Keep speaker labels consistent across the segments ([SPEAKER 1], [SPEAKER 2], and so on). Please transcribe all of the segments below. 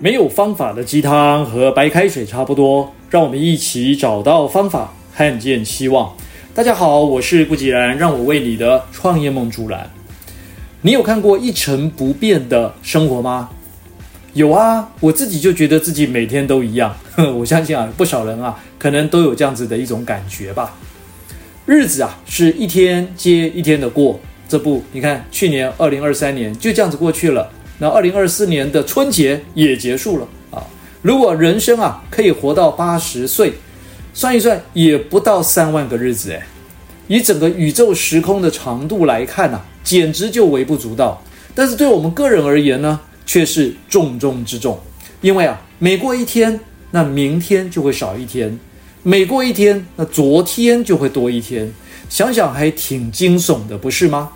[SPEAKER 1] 沒有方法的雞湯和白開水差不多，讓我們一起找到方法，看見希望。大家好，我是顧吉然，讓我為你的創業夢助燃。你有看過一成不變的生活嗎？有啊，我自己就覺得自己每天都一樣。哼，我相信啊，不少人啊，可能都有這樣子的一種感覺吧。日子啊，是一天接一天的過，這不，你看，去年二零二三年就這樣子過去了。那二零二四年的春節也結束了啊！如果人生啊可以活到八十歲，算一算也不到三萬個日子誒、哎，以整個宇宙時空的長度來看吶、啊，簡直就微不足道。但是對我們個人而言呢，卻是重中之重，因為啊，每過一天，那明天就會少一天；每過一天，那昨天就會多一天。想想還挺驚悚的，不是嗎？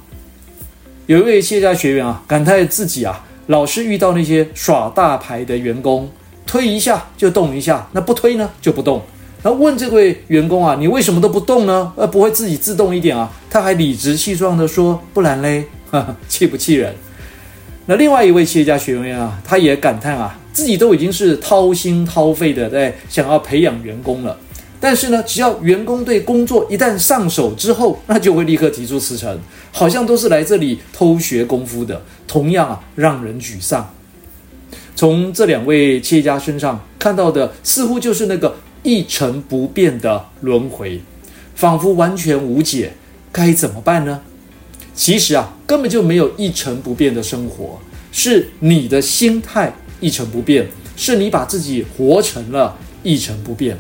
[SPEAKER 1] 有一位企業家學員啊，感嘆自己啊。老是遇到那些耍大牌的員工，推一下就動一下，那不推呢就不動。那問這位員工啊，你為什麼都不動呢？呃，不會自己自動一點啊？他還理直氣壯的說：“不然嘞。”呵呵，氣不氣人？那另外一位企業家學員啊，他也感嘆啊，自己都已經是掏心掏肺的在想要培養員工了。但是呢，只要員工對工作一旦上手之後，那就會立刻提出辭呈，好像都是來這裡偷學功夫的。同樣啊，讓人沮喪。從這兩位企業家身上看到的，似乎就是那個一成不變的輪回，仿佛完全無解。該怎麼辦呢？其實啊，根本就沒有一成不變的生活，是你的心態一成不變，是你把自己活成了一成不變。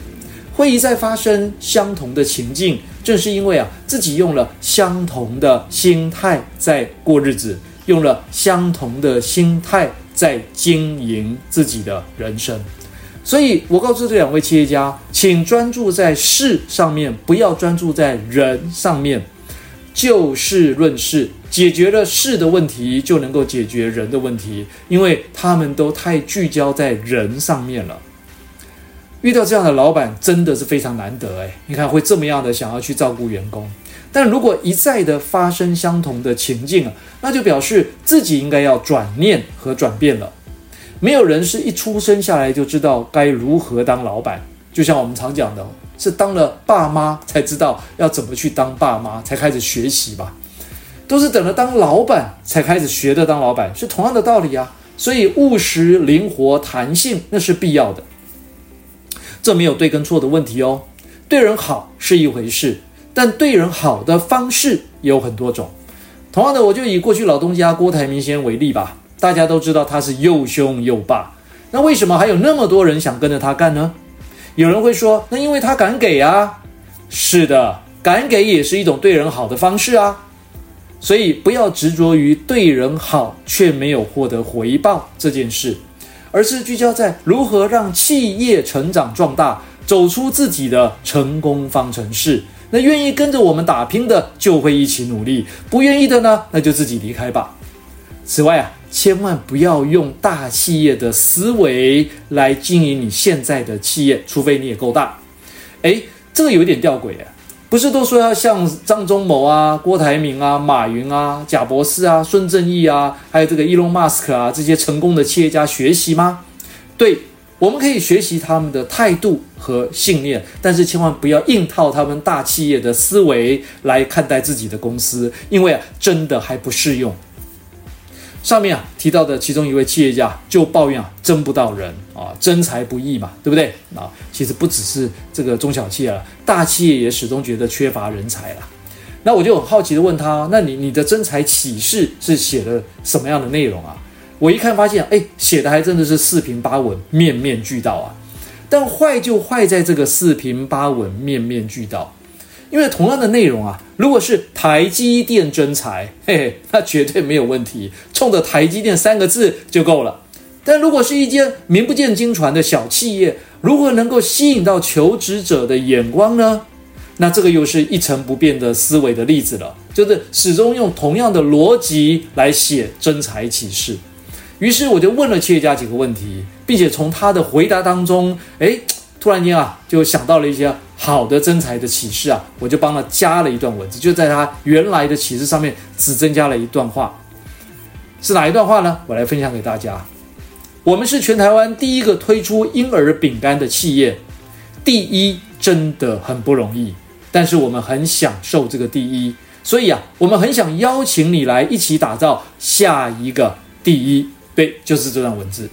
[SPEAKER 1] 所以一再發生相同的情境，正是因為啊，自己用了相同的心態在過日子，用了相同的心態在經營自己的人生。所以我告訴這兩位企業家，請專注在事上面，不要專注在人上面。就事論事，解決了事的問題，就能夠解決人的問題，因為他們都太聚焦在人上面了。遇到這樣的老板真的是非常難得哎！你看會這麼樣的想要去照顧員工，但如果一再的發生相同的情境啊，那就表示自己應該要轉念和轉變了。沒有人是一出生下來就知道該如何當老板，就像我們常講的，是當了爸媽才知道要怎麼去當爸媽，才開始學習吧。都是等著當老板才開始學的當老板，是同樣的道理啊。所以務實、靈活、彈性那是必要的。這沒有對跟錯的問題哦，對人好是一回事，但對人好的方式有很多種。同樣的，我就以過去老東家郭台銘先生為例吧。大家都知道他是又兇又霸，那為什麼還有那麼多人想跟着他幹呢？有人會說，那因為他敢給啊。是的，敢給也是一種對人好的方式啊。所以不要執着於對人好卻沒有獲得回報這件事。而是聚焦在如何讓企業成長壯大，走出自己的成功方程式。那願意跟着我們打拼的，就會一起努力；不願意的呢，那就自己離開吧。此外啊，千萬不要用大企業的思維來經營你現在的企業，除非你也夠大。誒，這個有點吊詭欸。不是都說要向張忠謀啊、郭台銘啊、馬雲啊、賈伯斯啊、孫正義啊，還有這個伊隆馬斯克啊，這些成功的企業家學習嗎？對，我們可以學習他們的態度和信念，但是千萬不要硬套他們大企業的思維來看待自己的公司，因為真的還不適用。上面啊提到的其中一位企業家就抱怨啊，徵不到人啊，徵才不易嘛，對不對？啊，其實不只是這個中小企業啊，大企業也始終覺得缺乏人才了。那我就很好奇的問他，那你你的徵才啟事是寫的什麼樣的內容啊？我一看發現，哎，寫的還真的是四平八穩，面面俱到啊。但壞就壞在這個四平八穩，面面俱到。因為同樣的內容啊，如果是台積電徵才，嘿嘿，那絕對沒有問題，衝着台積電三個字就夠了。但如果是一間名不見經傳的小企業，如何能夠吸引到求職者的眼光呢？那這個又是一成不變的思維的例子了，就是始終用同樣的邏輯來寫徵才啟事。於是我就問了企業家幾個問題，並且從他的回答當中，哎，突然間啊，就想到了一些。好的，徵才的啟事啊，我就幫他加了一段文字，就在他原來的啟事上面只增加了一段話，是哪一段話呢？我來分享給大家。我們是全台灣第一個推出嬰兒餅乾的企業，第一真的很不容易，但是我們很享受這個第一，所以啊，我們很想邀請你來一起打造下一個第一。對，就是這段文字。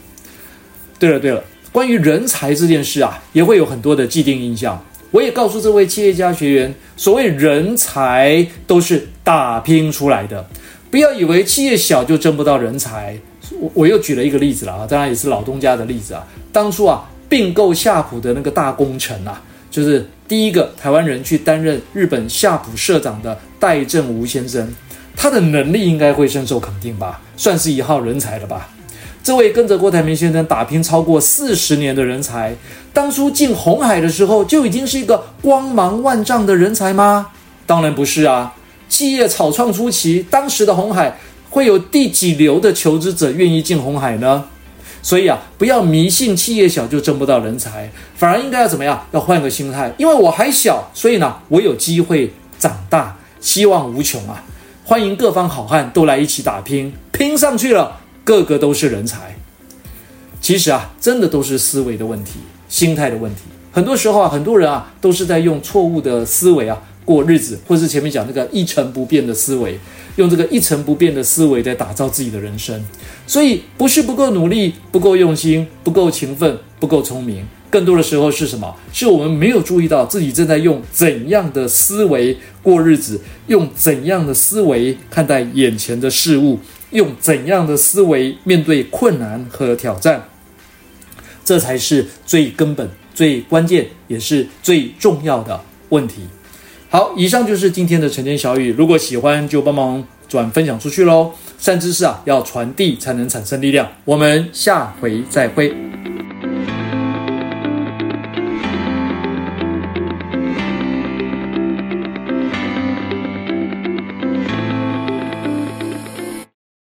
[SPEAKER 1] 對了，對了，關於人才這件事啊，也會有很多的既定印象。我也告訴這位企業家學員，所謂人才都是打拼出來的，不要以為企業小就掙不到人才。我我又舉了一個例子了啊，當然也是老東家的例子啊。當初啊併購夏普的那個大功臣啊，就是第一個台灣人去擔任日本夏普社長的戴正吳先生，他的能力應該會深受肯定吧，算是一號人才了吧。這位跟着郭台銘先生打拼超過四十年的人才，當初進鴻海的時候就已經是一個光芒萬丈的人才嗎？當然不是啊！企業草創初期，當時的鴻海會有第幾流的求職者願意進鴻海呢？所以啊，不要迷信企業小就爭不到人才，反而應該要怎麼樣？要換個心態，因為我還小，所以呢，我有機會長大，希望無窮啊！歡迎各方好漢都來一起打拼，拼上去了。個個都是人才，其實啊，真的都是思維的問題，心態的問題。很多時候啊，很多人啊，都是在用錯誤的思維啊過日子，或是前面講那個一成不變的思維，用這個一成不變的思維在打造自己的人生。所以，不是不夠努力、不夠用心、不夠勤奮、不夠聰明，更多的時候是什麼？是我們沒有注意到自己正在用怎樣的思維過日子，用怎樣的思維看待眼前的事物。用怎樣的思維面對困難和挑戰，這才是最根本、最關鍵，也是最重要的問題。好，以上就是今天的晨間小語。如果喜歡，就幫忙轉分享出去嘍。善知識啊，要傳遞才能產生力量。我們下回再會。